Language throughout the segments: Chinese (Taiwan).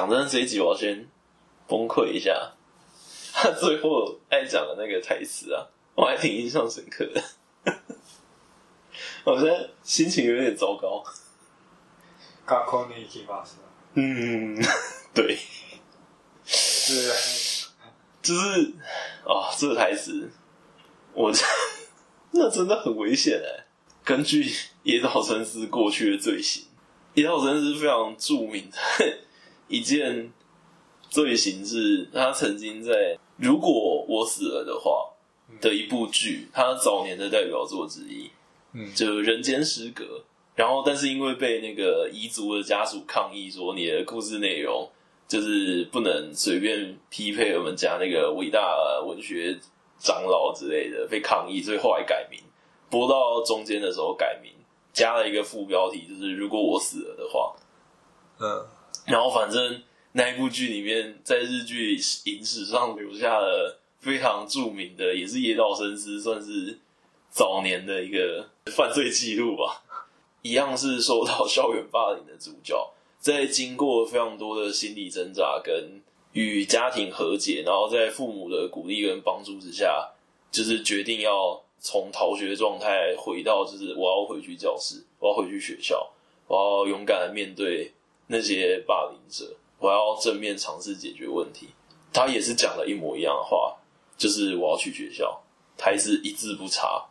講真，這一集我先崩潰一下。他最後愛講的那個台詞啊，我還挺印象深刻的。我現在心情有點糟糕。嗯，對。是是，就是，哦，這個台詞，我，那真的很危險哎。根據野島伸司過去的罪行，野島伸司非常著名的。一件罪行是，他曾經在《如果我死了的話》的一部劇，他早年的代表作之一，嗯、就《人間失格》。然後，但是因為被那個遺族的家屬抗議說，你的故事內容就是不能隨便匹配我們家那個偉大文學長老之類的，被抗議，所以後來改名，播到中間的時候改名，加了一個副標題，就是《如果我死了的話》，嗯。然後，反正那一部劇裡面，在日劇影史上留下了非常著名的，也是野島伸司算是早年的一個犯罪記錄吧。一樣是受到校園霸凌的主角，在經過非常多的心理掙扎，跟與家庭和解，然後在父母的鼓勵跟幫助之下，就是決定要從逃學狀態回到，就是我要回去教室，我要回去學校，我要勇敢的面對那些霸凌者，我要正面嘗試解決問題。他也是講了一模一樣的話，就是我要去學校，他是一字不差。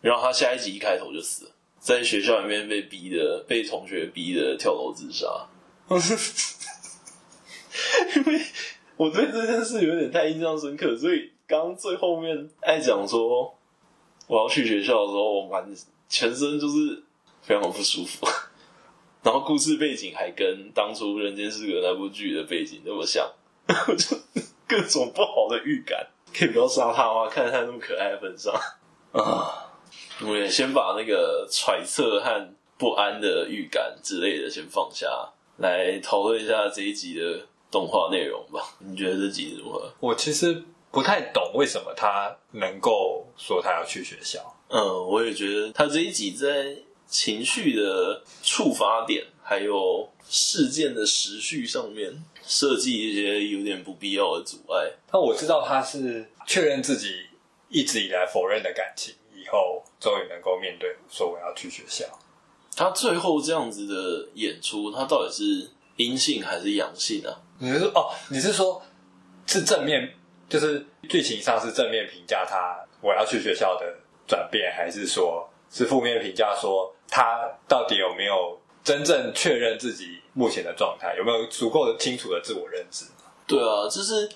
然後他下一集一開頭就死了，在學校裡面被逼的，被同學逼的跳樓自殺。 因為我對這件事有點太印象深刻，所以剛最後面愛講說我要去學校的時候，我滿全身就是非常不舒服。然後故事背景還跟當初《人間失格》那部劇的背景那麼像，我 就各種不好的預感。可以不要殺他嗎？看在他那麼可愛的份上啊、嗯！我也先把那個揣測和不安的預感之類的先放下，來討論一下這一集的動畫內容吧。你覺得這集如何？我其實不太懂為什麼他能夠說他要去學校。嗯，我也覺得他這一集在。情緒的觸發點，還有事件的時序上面設計一些有點不必要的阻礙，那我知道他是確認自己一直以來否認的感情，以後終於能夠面對，說我要去學校。他最後這樣子的演出，他到底是陰性還是陽性呢、啊？你是說哦？你是說是正面，就是劇情上是正面評價他我要去學校的轉變，還是說是負面評價說？他到底有沒有真正確認自己目前的狀態？有沒有足夠的清楚的自我認知？對啊，就是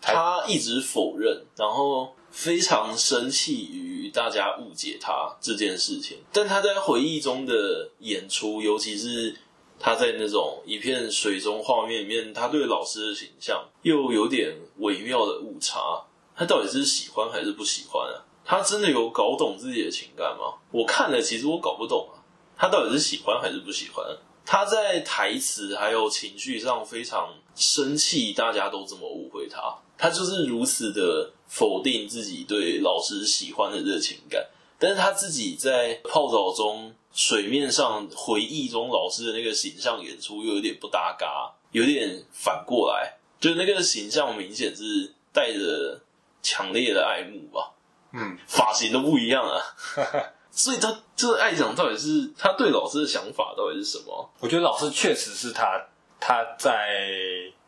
他一直否認，然後非常生氣於大家誤解他這件事情。但他在回憶中的演出，尤其是他在那種一片水中畫面裡面，他對老師的形象又有點微妙的誤差。他到底是喜歡還是不喜歡啊？他真的有搞懂自己的情感嗎？我看了，其實我搞不懂啊。他到底是喜歡還是不喜歡？他在台詞還有情緒上非常生氣，大家都這麼誤會他，他就是如此的否定自己對老師喜歡的熱情感。但是他自己在泡澡中水面上回憶中老師的那個形象演出又有點不搭嘎，有點反過來，就那個形象明顯是帶着強烈的愛慕吧。嗯，髮型都不一樣啊，哈哈。所以他這愛講到底是他對老師的想法到底是什麼？我覺得老師確實是他，他在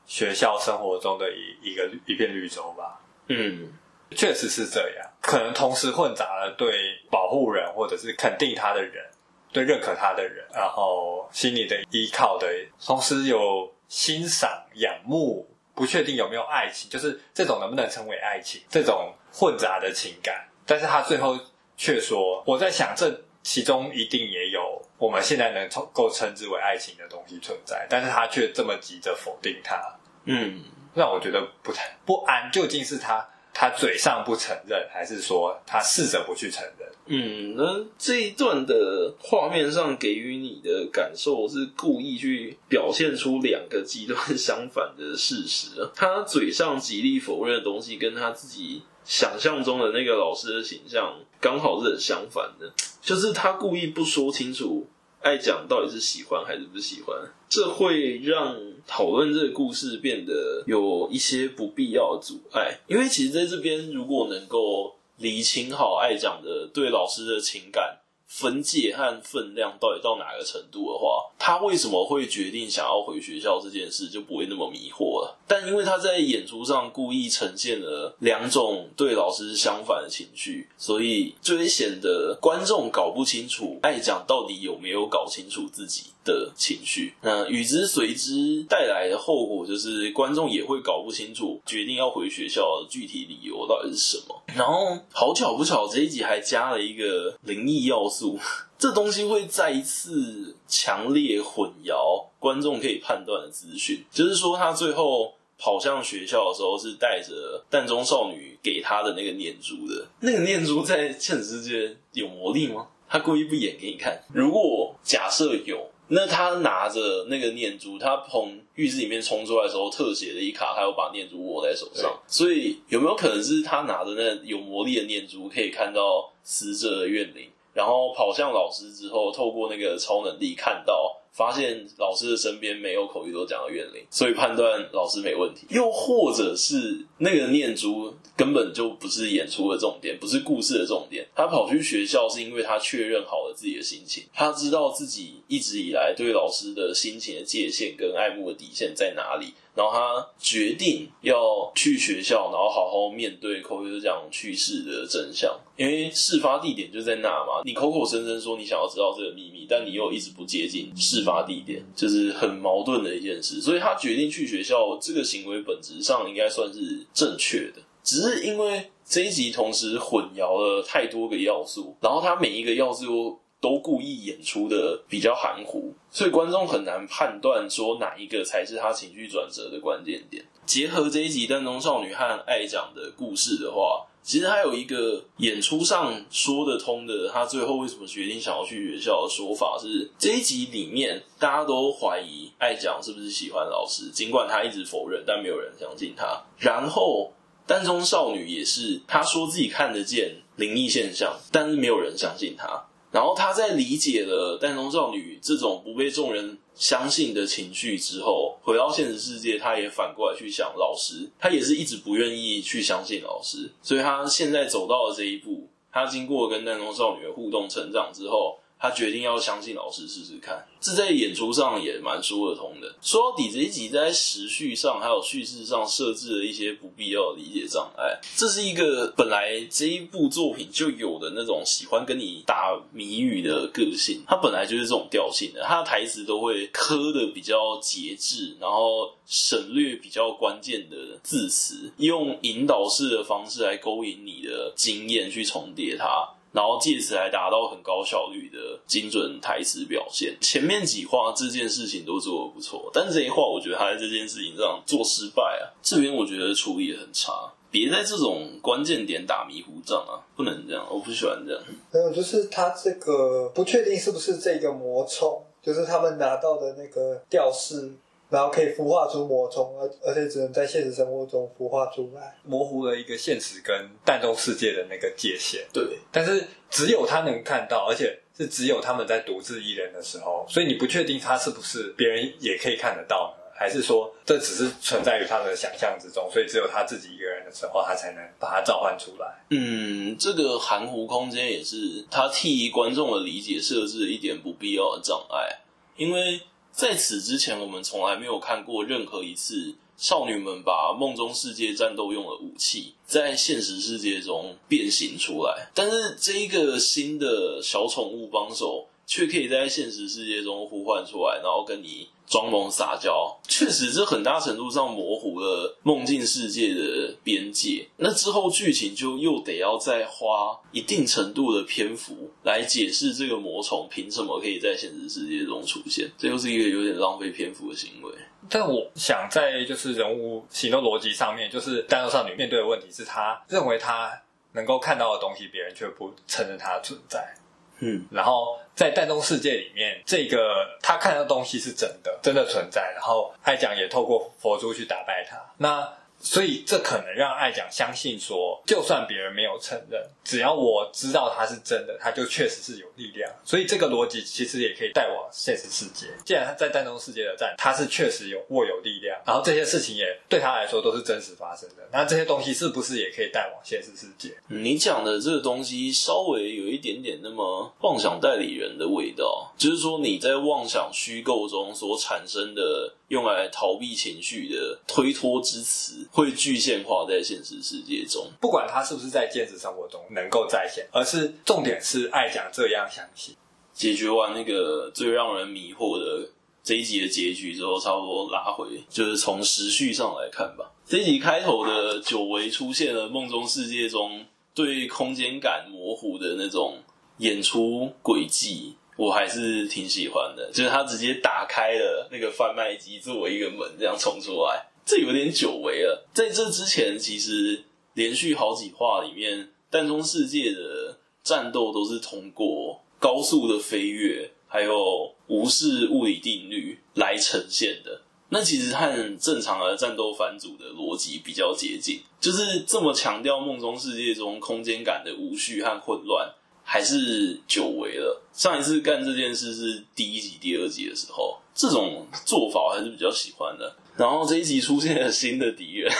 學校生活中的一一個一片綠洲吧。嗯，確實是這樣，可能同時混雜了對保護人或者是肯定他的人，對認可他的人，然後心裡的依靠的，同時有欣賞、仰慕。不確定有沒有愛情，就是這種能不能稱為愛情，這種混雜的情感。但是他最後卻說：“我在想，這其中一定也有我們現在能夠稱之為愛情的東西存在。”但是他卻這麼急着否定它。嗯，讓我覺得不太不安。究竟是他？他嘴上不承認，還是說他試着不去承認？嗯，那這一段的畫面上給予你的感受是故意去表現出兩個極端相反的事實。他嘴上極力否認的東西，跟他自己想象中的那個老師的形象剛好是很相反的，就是他故意不說清楚，愛講到底是喜歡還是不喜歡，這會讓討論這個故事變得有一些不必要的阻礙，因為其實在這邊，如果能夠理清好愛講的對老師的情感分界和分量到底到哪個程度的話，他為什麼會決定想要回學校這件事就不會那麼迷惑了。但因為他在演出上故意呈現了兩種對老師相反的情緒，所以就會顯得觀眾搞不清楚愛講到底有沒有搞清楚自己的情緒，那與之隨之帶來的後果就是，觀眾也會搞不清楚決定要回學校的具體理由到底是什麼。然後好巧不巧，這一集還加了一個靈異要素， 這東西會再一次強烈混淆觀眾可以判斷的資訊。就是說，他最後跑向學校的時候是帶着蛋中少女給他的那個念珠的。 那個念珠在現實世界有魔力嗎？他故意不演給你看。如果假設有。那他拿着那個念珠，他從浴室裡面衝出來的時候，特寫了一卡，他有把念珠握在手上。所以有沒有可能是他拿着那有魔力的念珠，可以看到死者的怨靈，然後跑向老師之後，透過那個超能力看到？發現老師的身邊沒有口語所講的怨靈，所以判斷老師沒問題。又或者是那個念珠根本就不是演出的重點，不是故事的重點。他跑去學校是因為他確認好了自己的心情，他知道自己一直以來對老師的心情的界限跟愛慕的底線在哪裡。然後他決定要去學校，然後好好面對小糸醬去世的真相，因為事發地點就在那嘛。你口口聲聲說你想要知道這個秘密，但你又一直不接近事發地點，就是很矛盾的一件事。所以他決定去學校，這個行為本質上應該算是正確的，只是因為這一集同時混淆了太多個要素，然後他每一個要素都。都故意演出的比較含糊，所以觀眾很難判斷說哪一個才是他情緒轉折的關鍵點。結合這一集蛋中少女和愛醬的故事的話，其實還有一個演出上說得通的，他最後為什麼決定想要去學校的說法是：這一集裡面大家都懷疑愛醬是不是喜歡老師，儘管他一直否認，但沒有人相信他。然後蛋中少女也是，他說自己看得見靈異現象，但是沒有人相信他。然後他在理解了蛋中少女這種不被眾人相信的情緒之後，回到現實世界，他也反過來去想老師，他也是一直不願意去相信老師，所以他現在走到了這一步。他經過跟蛋中少女的互動成長之後。他決定要相信老師試試看，這在演出上也蠻說得通的。說到底，這一集在時序上還有敘事上設置了一些不必要的理解障礙。這是一個本來這一部作品就有的那種喜歡跟你打謎語的個性，它本來就是這種調性的。它的台詞都會磕得比較節制，然後省略比較關鍵的字詞，用引導式的方式來勾引你的經驗去重疊它。然後借此來達到很高效率的精準台詞表現。前面幾話這件事情都做得不錯，但這一話我覺得他在這件事情上做失敗啊。這邊我覺得處理得很差，別在這種關鍵點打迷糊仗啊，不能這樣，我不喜歡這樣。嗯。還有就是他這個不確定是不是這個魔寵，就是他們拿到的那個吊飾。然後可以孵化出魔蟲，而而且只能在現實生活中孵化出來，模糊了一個現實跟蛋中世界的那個界限。對，但是只有他能看到，而且是只有他們在獨自一人的時候，所以你不確定他是不是別人也可以看得到呢？還是說這只是存在於他的想象之中，所以只有他自己一個人的時候，他才能把它召喚出來？嗯，這個含糊空間也是他替觀眾的理解設置一點不必要的障礙，因為。在此之前，我們從來沒有看過任何一次少女們把夢中世界戰鬥用的武器在現實世界中變形出來。但是，這一個新的小寵物幫手。卻可以在現實世界中呼喚出來，然後跟你裝萌撒嬌，確實是很大程度上模糊了夢境世界的邊界。那之後劇情就又得要再花一定程度的篇幅來解釋這個魔寵憑什麼可以在現實世界中出現，這又是一個有點浪費篇幅的行為。但我想在就是人物行動邏輯上面，就是蛋中少女面對的問題是，他認為他能夠看到的東西，別人卻不承認他存在。嗯，然後在蛋中世界裡面，這個他看到的東西是真的，真的存在。然後愛醬也透過佛珠去打敗他。那。所以，這可能讓愛醬相信說，就算別人沒有承認，只要我知道它是真的，它就確實是有力量。所以，這個邏輯其實也可以帶往現實世界。既然他在蛋中世界的戰，他是確實有握有力量，然後這些事情也對他來說都是真實發生的，那這些東西是不是也可以帶往現實世界？你講的這個東西，稍微有一點點那麼妄想代理人的味道，就是說你在妄想虛構中所產生的。用來逃避情緒的推脫之詞，會具現化在現實世界中，不管他是不是在現實生活中能夠再現、嗯，而是重點是愛講這樣詳細。解決完那個最讓人迷惑的這一集的結局之後，差不多拉回，就是從時序上來看吧。這一集開頭的久違出現了夢中世界中對空間感模糊的那種演出軌跡。我還是挺喜歡的，就是他直接打開了那個販賣機作為一個門，這樣衝出來，這有點久違了。在這之前，其實連續好幾話裡面，蛋中世界的戰鬥都是通過高速的飛躍，還有無視物理定律來呈現的。那其實和正常的戰鬥返祖的邏輯比較接近，就是這麼強調夢中世界中空間感的無序和混亂。還是久違了，上一次幹這件事是第一集、第二集的時候。這種做法我還是比較喜歡的。然後這一集出現了新的敵人，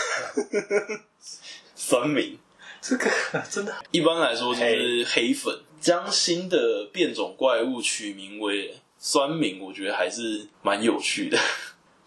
酸民，這個真的，一般來說就是黑粉將新的變種怪物取名為酸民，我覺得還是蠻有趣的，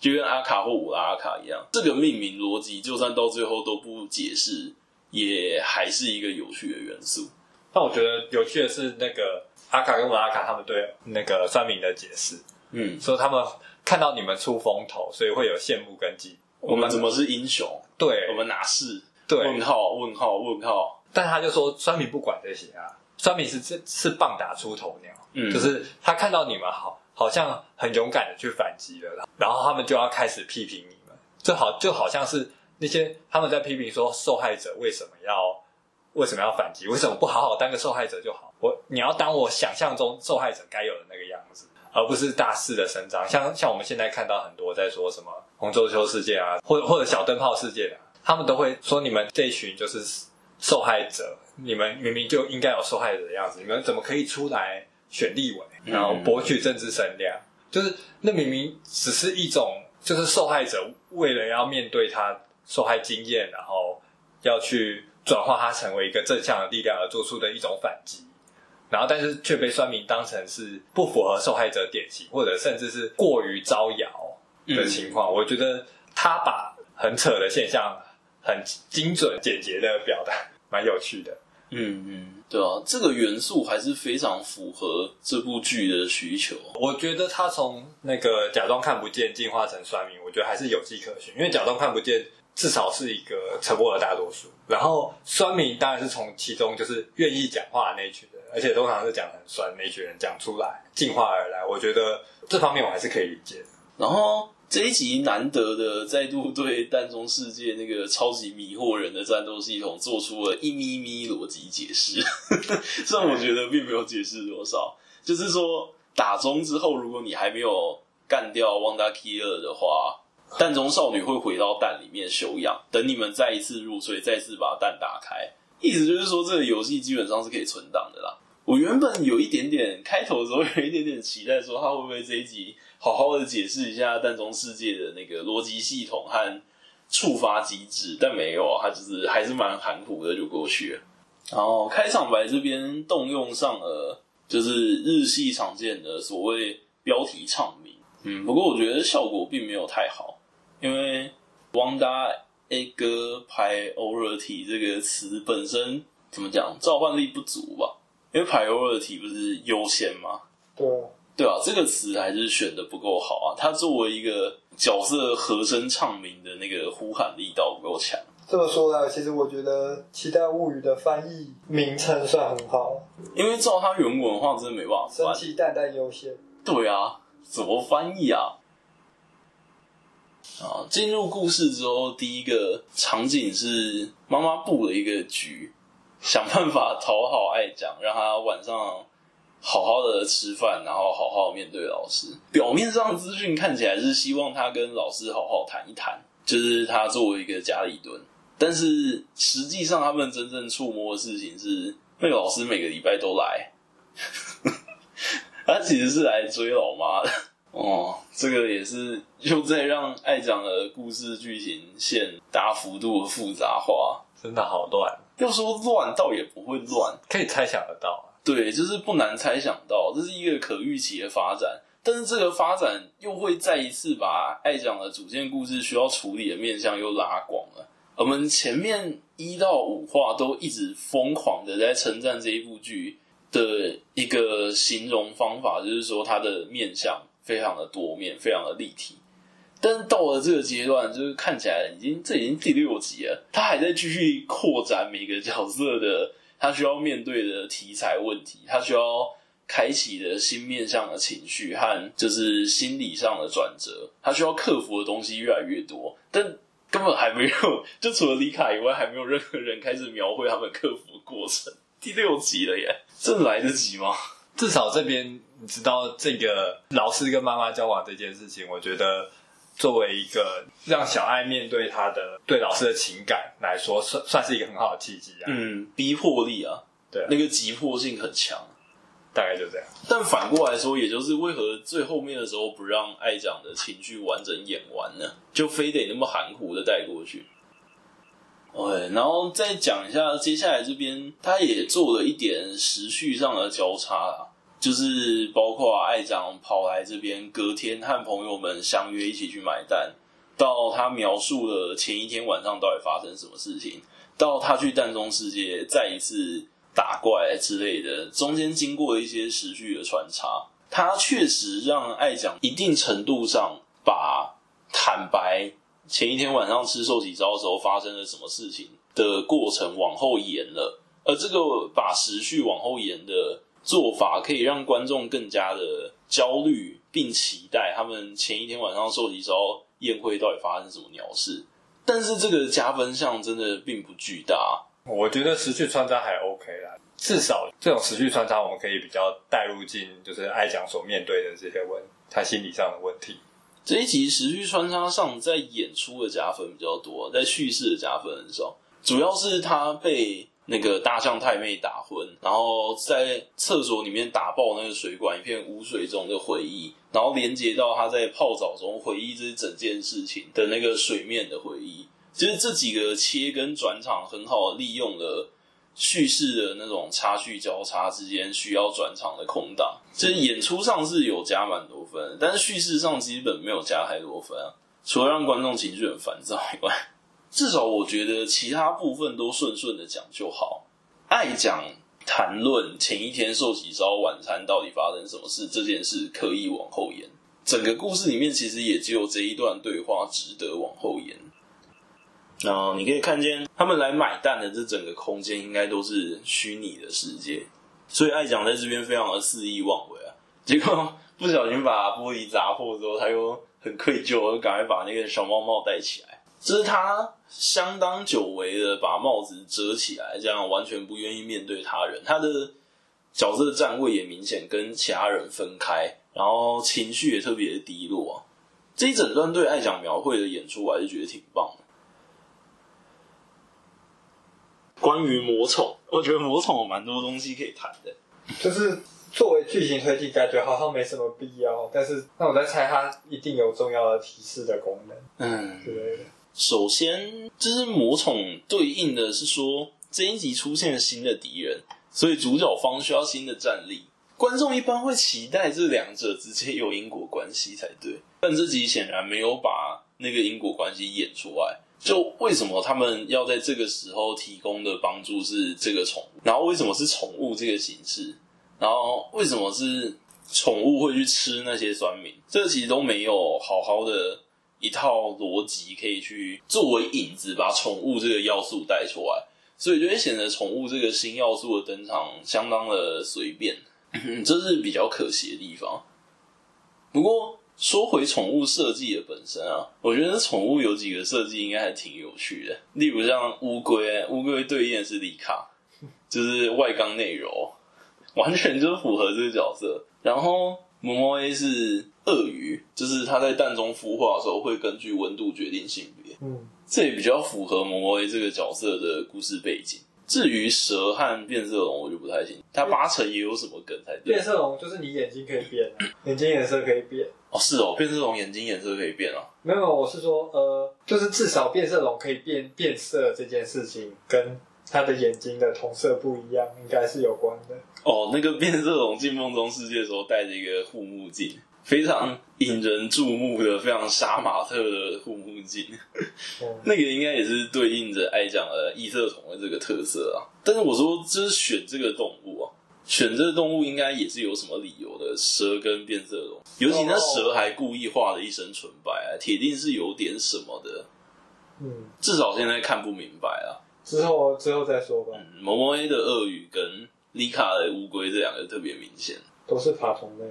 就跟阿卡或烏拉阿卡一樣。這個命名邏輯，就算到最後都不解釋，也還是一個有趣的元素。但我覺得有趣的是，那個阿卡跟文阿卡他們對那個酸民的解釋，嗯，說他們看到你們出風頭，所以會有羨慕跟嫉妒。我們怎麼是英雄？對，我們哪是？對，問號？問號？問號？但他就說酸民不管這些啊，酸民是是棒打出頭鳥，嗯，就是他看到你們好，好像很勇敢的去反擊了，然後他們就要開始批評你們，就好就好像是那些他們在批評說受害者為什麼要。為什麼要反擊？為什麼不好好當個受害者就好？我你要當我想象中受害者該有的那個樣子，而不是大肆的聲張。像像我們現在看到很多在說什麼“洪仲丘事件”啊，或者或者“小燈泡事件”啊，他們都會說你們這群就是受害者，你們明明就應該有受害者的樣子，你們怎麼可以出來選立委，然後博取政治聲量？就是那明明只是一種，就是受害者為了要面對他受害經驗，然後要去。轉化它成為一個正向的力量而做出的一種反擊，然後但是卻被酸民當成是不符合受害者典型，或者甚至是過於招搖的情況，嗯。我覺得他把很扯的現象很精準簡潔的表達，蠻有趣的。嗯嗯，對啊，這個元素還是非常符合這部劇的需求。我覺得他從那個假裝看不見進化成酸民，我覺得還是有跡可循，因為假裝看不見。至少是一個沉默的大多數，然後酸民當然是從其中就是願意講話的那一群人，而且通常是講得很酸那一群人講出來進化而來。我覺得這方面我還是可以理解的。然後這一集難得的再度對蛋中世界那個超級迷惑人的戰鬥系統做出了一咪咪邏輯解釋，雖 然我覺得並沒有解釋多少， 就是說打中之後，如果你還沒有幹掉 Wonder Killer 的話。蛋中少女會回到蛋裡面休養，等你們再一次入睡，再次把蛋打開。意思就是說，這個遊戲基本上是可以存檔的啦。我原本有一點點開頭的時候，有一點點期待，說他會不會這一集好好的解釋一下蛋中世界的那個邏輯系統和觸發機制，但沒有啊，他就是還是蠻含糊的就過去了。然後開場白這邊動用上了，就是日系常見的所謂標題唱名。嗯，不過我覺得效果並沒有太好。因為 Wonder Egg Priority 這個詞本身怎麼講，召喚力不足吧？因為 Priority 不是優先嗎？對，對啊，這個詞還是選得不夠好啊。它作為一個角色和聲唱名的那個呼喊力道不夠強。這麼說來，其實我覺得《奇蛋物語》的翻譯名稱算很好，因為照它原文的話真的沒辦法翻，神奇蛋蛋優先。對啊，怎麼翻譯啊？啊，進入故事之後，第一個場景是媽媽布了一個局，想辦法討好愛醬，讓他晚上好好的吃飯，然後好好面對老師。表面上資訊看起來是希望他跟老師好好談一談，就是他作為一個家裡蹲，但是實際上他們真正觸摸的事情是那個老師每個禮拜都來， 他其實是來追老媽的哦。這個也是又在讓愛醬的故事劇情線大幅度的複雜化，真的好亂。要說亂，倒也不會亂，可以猜想得到啊。對，就是不難猜想到，這是一個可預期的發展。但是這個發展又會再一次把愛醬的主線故事需要處理的面向又拉廣了。我們前面一到五話都一直瘋狂的在稱讚這一部劇的一個形容方法，就是說它的面向，非常的多面，非常的立體，但是到了這個階段，就是看起來已經這已經第六集了，他還在繼續擴展每個角色的他需要面對的題材問題，他需要開啟的新面向的情緒和就是心理上的轉折，他需要克服的東西越來越多，但根本還沒有，就除了李卡以外，還沒有任何人開始描繪他們克服的過程。第六集了耶，這來得及嗎？至少這邊。你知道這個老師跟媽媽交往這件事情，我覺得作為一個讓小愛面對他的對老師的情感來說，算算是一個很好的契機啊。嗯，逼迫力啊，對啊，那個急迫性很強，大概就這樣。但反過來說，也就是為何最後面的時候不讓愛講的情緒完整演完呢？就非得那麼含糊的帶過去。對，oh yeah，然後再講一下接下來這邊，他也做了一點時序上的交叉啊。就是包括愛醬跑來這邊，隔天和朋友們相約一起去買蛋，到他描述了前一天晚上到底發生什麼事情，到他去蛋中世界再一次打怪之類的，中間經過一些時序的穿插，他確實讓愛醬一定程度上把坦白前一天晚上吃壽喜燒的時候發生了什麼事情的過程往後延了，而這個把時序往後延的。做法可以讓觀眾更加的焦慮並期待，他們前一天晚上受禮之後宴會到底發生什麼鳥事。但是這個加分項真的並不巨大，我覺得持續穿插還 OK 啦。至少這種持續穿插，我們可以比較帶入進，就是愛講所面對的這些問題，他心理上的問題。這一集持續穿插上，在演出的加分比較多，在敘事的加分很少，主要是他被。那個大象太妹打昏，然後在廁所裡面打爆那個水管，一片汙水中的回憶，然後連接到他在泡澡中回憶這整件事情的那個水面的回憶。其實這幾個切跟轉場很好利用了敘事的那種插敘交叉之間需要轉場的空檔。就是演出上是有加蠻多分，但是敘事上基本沒有加太多分啊，除了讓觀眾情緒很煩躁以外。至少我覺得其他部分都順順的講就好。愛醬談論前一天壽喜燒晚餐到底發生什麼事這件事刻意往後延，整個故事裡面其實也只有這一段對話值得往後延。後、呃、你可以看見他們來買蛋的這整個空間應該都是虛擬的世界，所以愛醬在這邊非常的肆意妄為啊。結果不小心把玻璃砸破之後，他又很愧疚，趕快把那個小貓帽戴起來。就是他相當久違的把帽子遮起來，這樣完全不願意面對他人。他的角色的站位也明顯跟其他人分開，然後情緒也特別低落、啊。這一整段對愛醬描繪的演出，我還是覺得挺棒的。關於魔寵，我覺得魔寵有蠻多東西可以談的。就是作為劇情推進，感覺好像沒什麼必要。但是那我在猜，他一定有重要的提示的功能，嗯首先，就是魔寵對應的是說這一集出現了新的敵人，所以主角方需要新的戰力。觀眾一般會期待這兩者之間有因果關係才對，但這集顯然沒有把那個因果關係演出來。就為什麼他們要在這個時候提供的幫助是這個寵物？然後為什麼是寵物這個形式？然後為什麼是寵物會去吃那些酸民？這集、個、都沒有好好的。一套邏輯可以去作為引子，把寵物這個要素帶出來，所以就會顯得寵物這個新要素的登場相當的隨便，這是比較可惜的地方。不過說回寵物設計的本身啊，我覺得寵物有幾個設計應該還挺有趣的，例如像烏龜，烏龜對應的是里卡，就是外剛內柔，完全就是符合這個角色，然後。摩摩 A 是鱷魚，就是它在蛋中孵化的時候會根據溫度決定性別。嗯，這也比較符合摩摩 A 這個角色的故事背景。至於蛇和變色龍，我就不太清楚，它八成也有什麼梗才對。變色龍，就是你眼睛可以變、啊嗯，眼睛顏色可以變哦，是哦，變色龍眼睛顏色可以變啊、嗯。沒有，我是說，呃，就是至少變色龍可以變變色這件事情，跟它的眼睛的瞳色不一樣，應該是有關的。哦，那個變色龍進夢中世界的時候戴着一個護目鏡，非常引人注目的，嗯、非常殺馬特的護目鏡。嗯、 那個應該也是對應着愛講的異色瞳的這個特色啊。但是我說，這是選這個動物啊，選這個動物應該也是有什麼理由的。蛇跟變色龍，尤其那蛇還故意畫了一身純白，啊，鐵定是有點什麼的。嗯，至少現在看不明白啊。之後之後再說吧。嗯、某某 A 的鱷魚跟，麗卡的烏龜這兩個特別明顯，都是爬蟲類。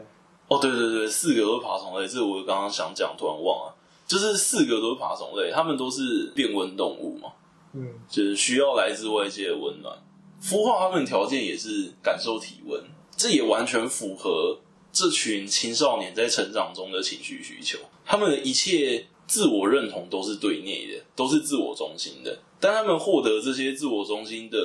哦，對對對，四個都是爬蟲類，這我剛剛想講，突然忘了，就是四個都是爬蟲類，它們都是變溫動物嘛，嗯，就是需要來自外界的溫暖，孵化它們的條件也是感受體溫，這也完全符合這群青少年在成長中的情緒需求，他們的一切自我認同都是對內的，都是自我中心的，但他們獲得這些自我中心的。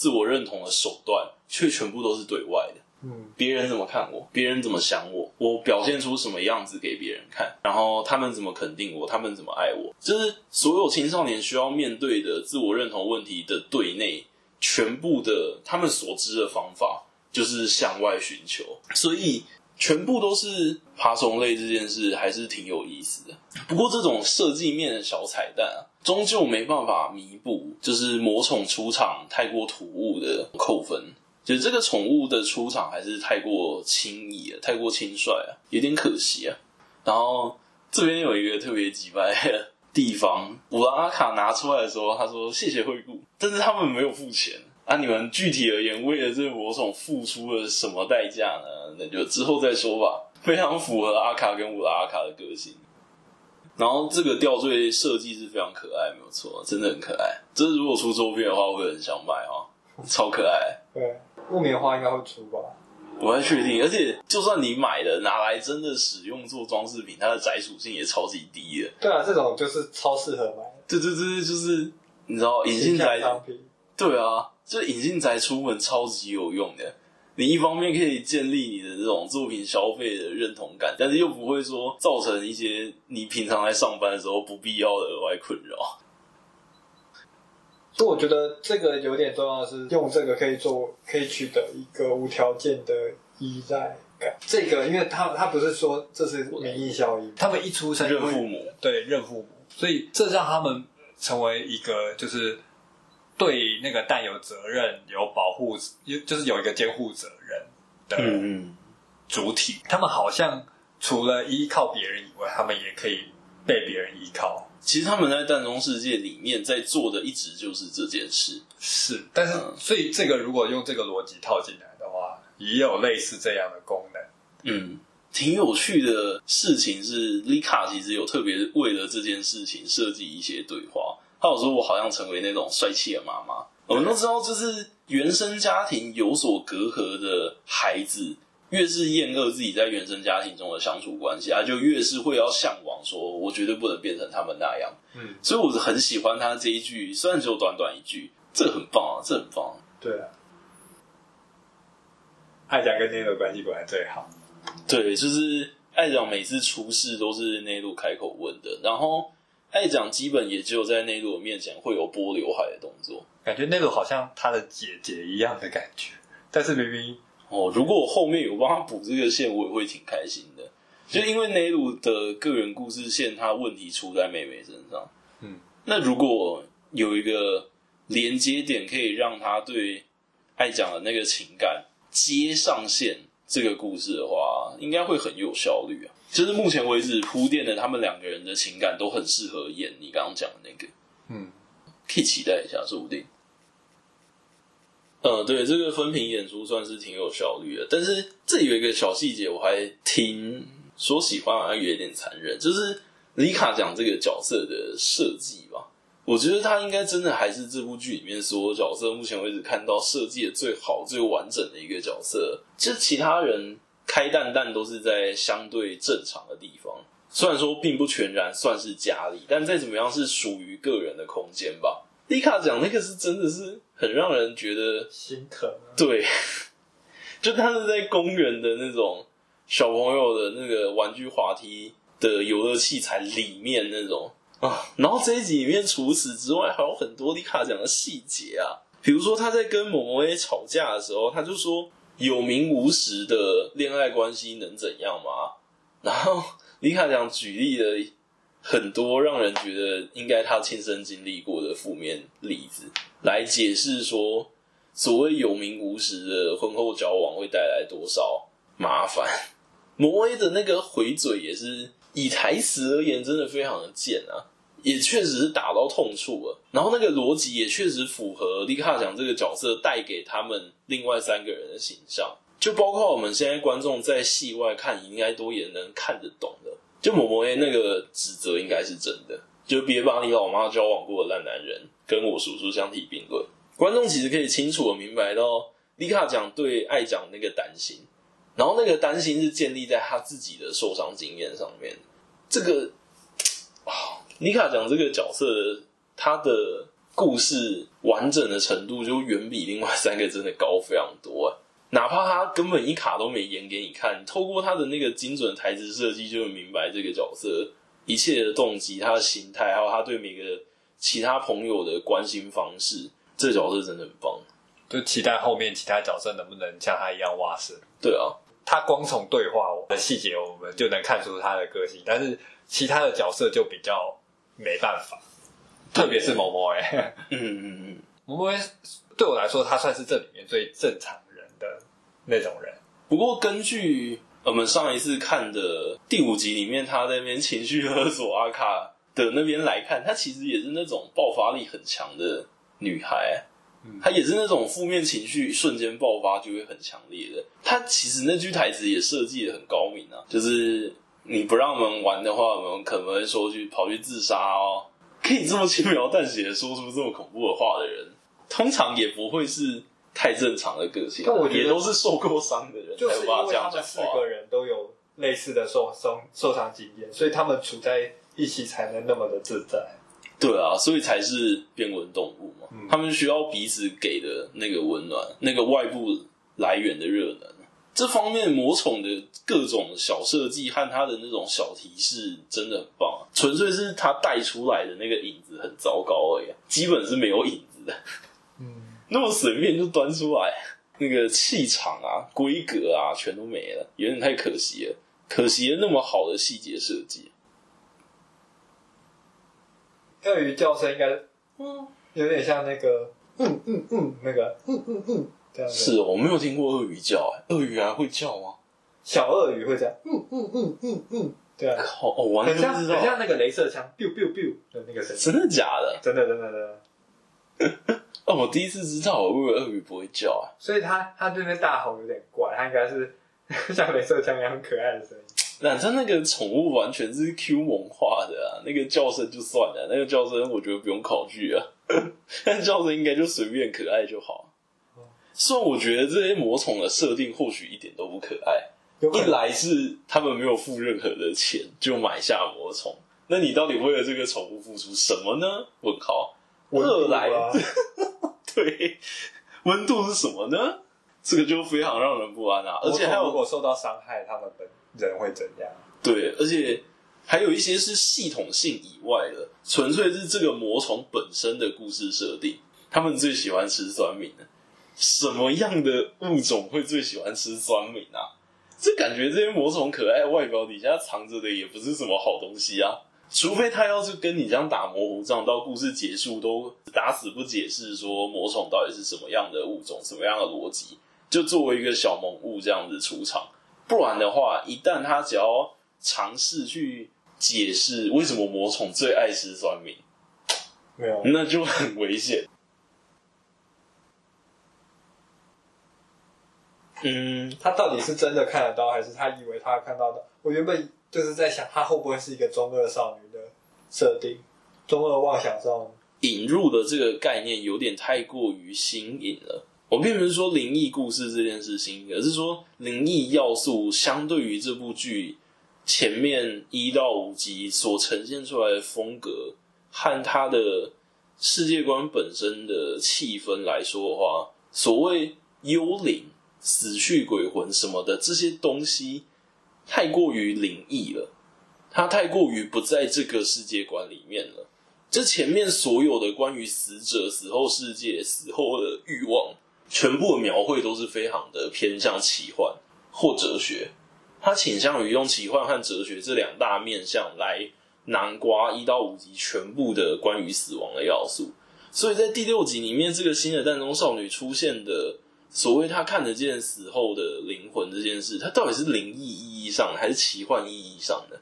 自我認同的手段，卻全部都是對外的。嗯，別人怎麼看我，別人怎麼想我，我表現出什麼樣子給別人看，然後他們怎麼肯定我，他們怎麼愛我，就是所有青少年需要面對的自我認同問題的對內，全部的他們所知的方法，就是向外尋求。所以。全部都是爬蟲類這件事還是挺有意思的。不過這種設計面的小彩蛋，啊，終究沒辦法彌補，就是魔寵出場太過突兀的扣分。就是這個寵物的出場還是太過輕易了，太過輕率啊，有點可惜啊。然後這邊有一個特別雞掰的地方，烏拉拉、阿卡拿出來的時候，他說：“謝謝惠顧。”但是他們沒有付錢。那、啊、你們具體而言，為了這魔寵付出了什麼代價呢？那就之後再說吧。非常符合阿卡跟我的阿卡的個性。然後這個吊墜設計是非常可愛，沒有錯，真的很可愛。這是如果出週邊的話，我會很想買哦、喔。超可愛的。對、啊，木棉花應該會出吧？不太確定。而且，就算你買了，拿來真的使用做裝飾品，它的宅屬性也超級低的。對啊，這種就是超適合買的。對對對，就是你知道，隱性宅商品。對啊。就隱性宅出門超級有用的，你一方面可以建立你的這種作品消費的認同感，但是又不會說造成一些你平常在上班的時候不必要的額外困擾。所以我覺得這個有點重要，是用這個可以做，可以取得一個無條件的依賴感。這個，因為他他不是說這是免疫效應，他們一出生認父母，對認父母，所以這讓他們成為一個就是。對那個蛋有責任，有保護，就是有一個監護責任的主體、嗯。他們好像除了依靠別人以外，他們也可以被別人依靠。其實他們在蛋中世界裡面在做的，一直就是這件事。是，但是、嗯、所以這個如果用這個邏輯套進來的話，也有類似這樣的功能。嗯，挺有趣的事情是，麗卡其實有特別為了這件事情設計一些對話。他有說：“我好像成為那種帥氣的媽媽。”我們都知道，就是原生家庭有所隔閡的孩子，越是厭惡自己在原生家庭中的相處關係，他就越是會要向往，說我絕對不能變成他們那樣。嗯，所以我很喜歡他這一句，雖然只有短短一句，這很棒啊，這很棒。對啊，愛醬跟內陸關係本來最好，對，就是愛醬每次出事都是內陸開口問的，然後。愛講基本也只有在內魯的面前會有撥劉海的動作，感覺內魯好像他的姐姐一樣的感覺。但是明明哦，如果我後面有幫他補這個線，我也會挺開心的。就因為內魯的個人故事線，他問題出在妹妹身上。嗯，那如果有一個連接點可以讓他對愛醬的那個情感接上線這個故事的話，應該會很有效率啊。其實目前為止鋪墊的他們兩個人的情感都很適合演你剛剛講的那個，嗯，可以期待一下，說不定。嗯，對，這個分屏演出算是挺有效率的，但是這有一個小細節我還聽說喜歡，好像有點殘忍，就是李卡講這個角色的設計吧，我覺得他應該真的還是這部劇裡面所有角色目前為止看到設計的最好、最完整的一個角色。其實其他人。開蛋蛋都是在相對正常的地方，雖然說並不全然算是家裡，但再怎麼樣是屬於個人的空間吧。麗卡講那個是真的是很讓人覺得心疼啊，對，就他是在公園的那種小朋友的那個玩具滑梯的遊樂器材裡面那種啊，然後這一集裡面除此之外還有很多麗卡講的細節啊，比如說他在跟某某 A 吵架的時候，他就說，有名無實的戀愛關係能怎樣嗎？然後李卡醬舉例了很多讓人覺得應該他親身經歷過的負面例子，來解釋說所謂有名無實的婚後交往會帶來多少麻煩。挪威的那個回嘴也是以台詞而言，真的非常的賤啊。也確實是打到痛處了，然後那個邏輯也確實符合莉卡醬這個角色帶給他們另外三個人的形象，就包括我們現在觀眾在戲外看，應該都也能看得懂的。就某某 A、欸、那個指責應該是真的，就別把你老媽交往過的爛男人跟我叔叔相提並論。觀眾其實可以清楚的明白到，莉卡醬對愛醬那個擔心，然後那個擔心是建立在他自己的受傷經驗上面，這個。妮卡講這個角色，他的故事完整的程度就遠比另外三個真的高非常多啊，哪怕他根本一卡都沒演給你看，透過他的那個精準台詞設計，就會明白這個角色一切的動機、他的心態，還有他對每個其他朋友的關心方式。這個角色真的很棒，就期待後面其他角色能不能像他一樣哇塞。對啊，他光從對話我的細節，我們就能看出他的個性，但是其他的角色就比較。沒辦法，特別是某某哎、欸， 嗯嗯嗯，某某對我來說，他算是這裡面最正常人的那種人。不過根據我們上一次看的第五集裡面，他在那邊情緒勒索阿卡的那邊來看，他其實也是那種爆發力很強的女孩，她也是那種負面情緒瞬間爆發就會很強烈的。她其實那句台詞也設計的很高明啊，就是。你不讓我們玩的話，我們可能會說去跑去自殺哦。可以這麼輕描淡寫的說出這麼恐怖的話的人，通常也不會是太正常的個性，但我覺得也都是受過傷的人才會講這樣的話。就是因為他們四個人都有類似的受傷受傷經驗，所以他們處在一起才能那麼的自在。對啊，所以才是變溫動物嘛、嗯，他們需要彼此給的那個溫暖，那個外部來源的熱能。這方面魔寵的各種小設計和它的那種小提示真的很棒啊，純粹是他帶出來的那個影子很糟糕而已啊，基本是沒有影子的。嗯呵呵，那麼隨便就端出來，那個氣場啊、規格啊全都沒了，有點太可惜了。可惜了那麼好的細節設計。鱷魚叫聲應該，嗯，有點像那個，嗯嗯嗯，那個，嗯嗯嗯。嗯是、喔，我沒有聽過鱷魚叫，欸，鱷魚還會叫嗎？小鱷魚會這樣，嗯嗯嗯嗯嗯，對啊。好，哦，我完全不知道，很像，很像那個鐳射槍，biu biu biu 的那個聲音，真的假的？真的真的真的。哦， 喔，我第一次知道，我以為鱷魚不會叫啊。所以它它對面大吼有點怪，它應該是像鐳射槍一樣可愛的聲音。那他那個寵物完全是 Q 萌化的，啊，那個叫聲就算了，那個叫聲我覺得不用考據啊，那 叫聲應該就隨便可愛就好。所以，我覺得這些魔寵的設定或許一點都不可愛，一來是他們沒有付任何的錢就買下魔寵，那你到底為了這個寵物付出什麼呢？我靠，二來，溫度啊， 對，溫度是什麼呢？這個就非常讓人不安啊！而且還有，如果受到傷害，他們本人會怎樣？對，而且還有一些是系統性以外的，純粹是這個魔寵本身的故事設定，他們最喜歡吃酸米呢。什麼樣的物種會最喜歡吃酸米呢、啊？這感覺這些魔寵可愛外表底下藏着的也不是什麼好東西啊！除非他要是跟你這樣打模糊仗，到故事結束都打死不解釋說魔寵到底是什麼樣的物種，什麼樣的邏輯，就作為一個小萌物這樣子出場，不然的話，一旦他只要嘗試去解釋為什麼魔寵最愛吃酸米，沒有，那就很危險。嗯，他到底是真的看得到，還是他以為他看到的？我原本就是在想，他會不會是一個中二少女的設定，中二妄想症？引入的這個概念有點太過於新穎了。我並不是說靈異故事這件事情，而是說靈異要素相對於這部劇前面一到五集所呈現出來的風格和它的世界觀本身的氣氛來說的話，所謂幽靈。死去鬼魂什麼的這些東西太過於靈異了，它太過於不在這個世界觀裡面了。這前面所有的關於死者死後世界、死後的欲望，全部的描繪都是非常的偏向奇幻或哲學。它傾向於用奇幻和哲學這兩大面向來囊括一到五集全部的關於死亡的要素。所以在第六集裡面，這個新的蛋中少女出現的。所謂他看得見死後的靈魂這件事，他到底是靈異意義上的，還是奇幻意義上的，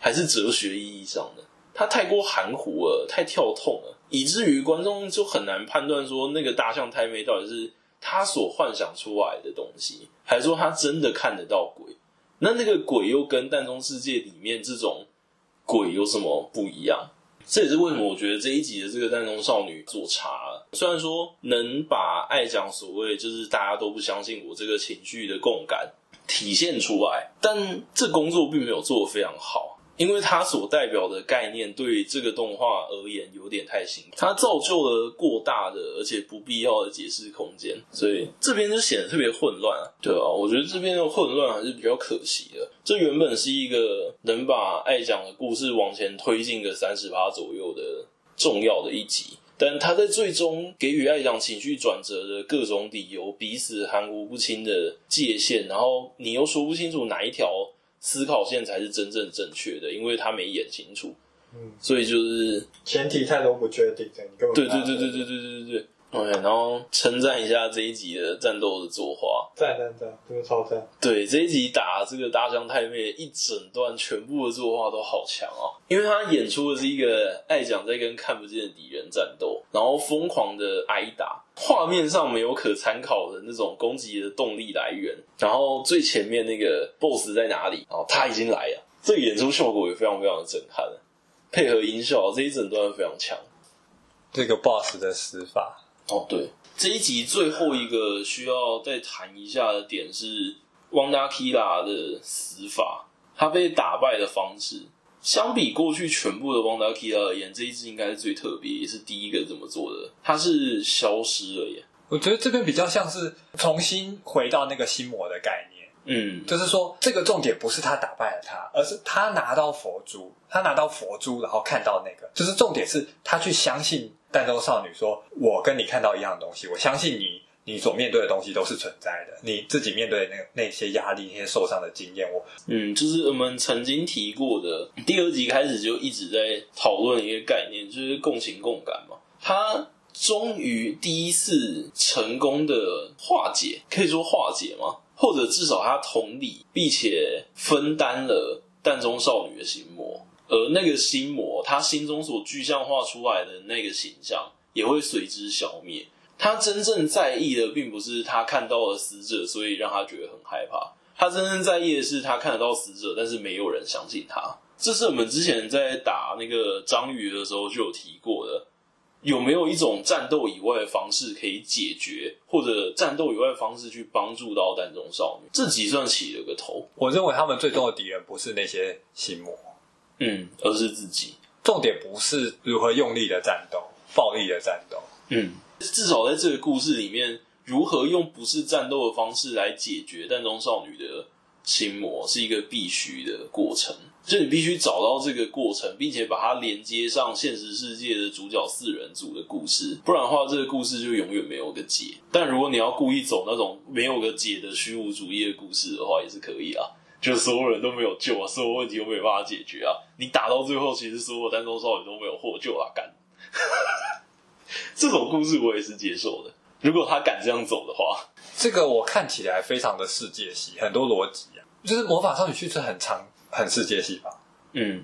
還是哲學意義上的？他太過含糊了，太跳痛了，以至於觀眾就很難判斷說，那個大象太妹到底是他所幻想出來的東西，還是說他真的看得到鬼？那那個鬼又跟蛋中世界裡面這種鬼有什麼不一樣？這也是為什麼我覺得這一集的這個蛋中少女做差了。雖然說能把愛講所謂，就是大家都不相信我這個情緒的共感體現出來，但這工作並沒有做得非常好。因為它所代表的概念對這個動畫而言有點太新，它造就了過大的而且不必要的解釋空間，所以這邊就顯得特別混亂。啊，對啊，我覺得這邊的混亂還是比較可惜的。這原本是一個能把愛醬的故事往前推進個三十趴左右的重要的一集，但他在最終給予愛醬情緒轉折的各種理由，彼此含糊不清的界限，然後你又說不清楚哪一條，思考線才是真正正確的，因為他沒演清楚，嗯，所以就是前提太多不確定，對，你根本對對對對對對對對對。對對對對對。OK，然後稱讚一下這一集的戰鬥的作畫，讚讚讚，這個超讚。對，這一集打這個大象太妹一整段全部的作畫都好強啊，因為他演出的是一個愛醬在跟看不見的敵人戰鬥，然後瘋狂的挨打，畫面上沒有可參考的那種攻擊的動力來源，然後最前面那個 BOSS 在哪裡？哦，他已經來了，這個演出效果也非常非常的震撼、啊，配合音效、啊、這一整段非常強，這個 BOSS 的死法。哦，對，這一集最後一個需要再談一下的點是汪達基拉的死法，他被打敗的方式，相比過去全部的汪達基拉而言，這一次應該是最特別，也是第一個這麼做的，他是消失而已。我覺得這邊比較像是重新回到那個心魔的概念，嗯，就是說這個重點不是他打敗了他，而是他拿到佛珠，他拿到佛珠，然後看到那個，就是重點是他去相信。蛋中少女說：“我跟你看到一樣的東西，我相信你，你所面對的東西都是存在的。你自己面對的那那些壓力、那些受傷的經驗，我嗯，就是我們曾經提過的第二集開始就一直在討論一個概念，就是共情共感嘛。他終於第一次成功的化解，可以說化解嗎？或者至少他同理並且分擔了蛋中少女的心魔。”而那個心魔，他心中所具象化出來的那個形象，也會隨之消滅。他真正在意的，並不是他看到了死者，所以讓他覺得很害怕。他真正在意的是，他看得到死者，但是沒有人相信他。這是我們之前在打那個章魚的時候就有提過的。有沒有一種戰鬥以外的方式可以解決，或者戰鬥以外的方式去幫助到蛋中少女？這集算起了個頭。我認為他們最終的敵人不是那些心魔，嗯，而是自己。重點不是如何用力的戰鬥、暴力的戰鬥。嗯，至少在這個故事裡面，如何用不是戰鬥的方式來解決蛋中少女的心魔，是一個必須的過程。就你必須找到這個過程，並且把它連接上現實世界的主角四人組的故事，不然的話，這個故事就永遠沒有個解。但如果你要故意走那種沒有個解的虛無主義的故事的話，也是可以啊。就所有人都沒有救啊，所有問題都沒有辦法解決啊！你打到最後其實所有的蛋中少女都沒有獲救啊！敢， 這種故事我也是接受的。如果他敢這樣走的話，這個我看起來非常的世界系，很多邏輯啊，就是魔法少女敘事很常很世界系吧？嗯，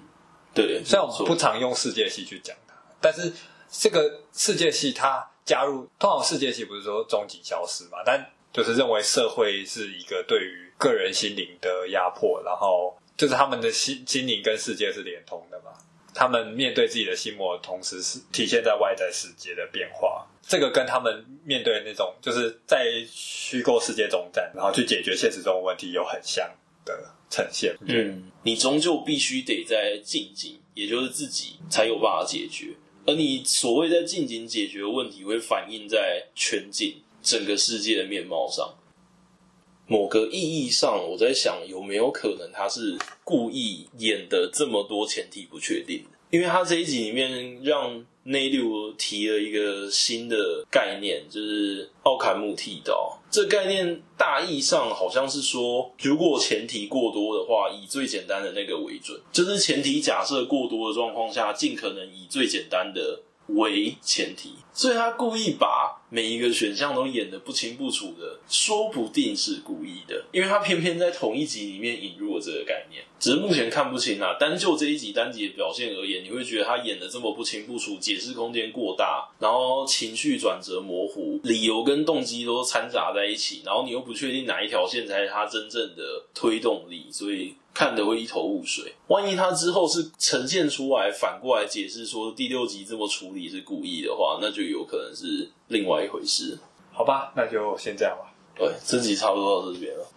對。雖然我們不常用世界系去講它，但是這個世界系它加入，通常世界系不是說終極消失嘛？但就是認為社會是一個對於。個人心靈的壓迫，然後就是他們的心心靈跟世界是連通的嘛。他們面對自己的心魔，同時是體現在外在世界的變化。這個跟他們面對那種就是在虛構世界中戰，然後去解決現實中的問題，有很像的呈現。對。嗯，你終究必須得在近景，也就是自己才有辦法解決。而你所謂在近景解決的問題，會反映在全景整個世界的面貌上。某個意義上，我在想有沒有可能他是故意演的這麼多前提不確定？因為他這一集裡面讓內六提了一個新的概念，就是奧卡姆剃刀。這概念大意上好像是說，如果前提過多的話，以最簡單的那個為準，就是前提假設過多的狀況下，盡可能以最簡單的為前提。所以他故意把每一個選項都演得不清不楚的，說不定是故意的，因為他偏偏在同一集裡面引入了這個概念，只是目前看不清啊。單就這一集單集的表現而言，你會覺得他演得這麼不清不楚，解釋空間過大，然後情緒轉折模糊，理由跟動機都摻雜在一起，然後你又不確定哪一條線才是他真正的推動力，所以看得會一頭霧水。萬一他之後是呈現出來，反過來解釋說第六集這麼處理是故意的話，那就。就有可能是另外一回事。好吧，那就先這樣吧。對，這集差不多到這邊了。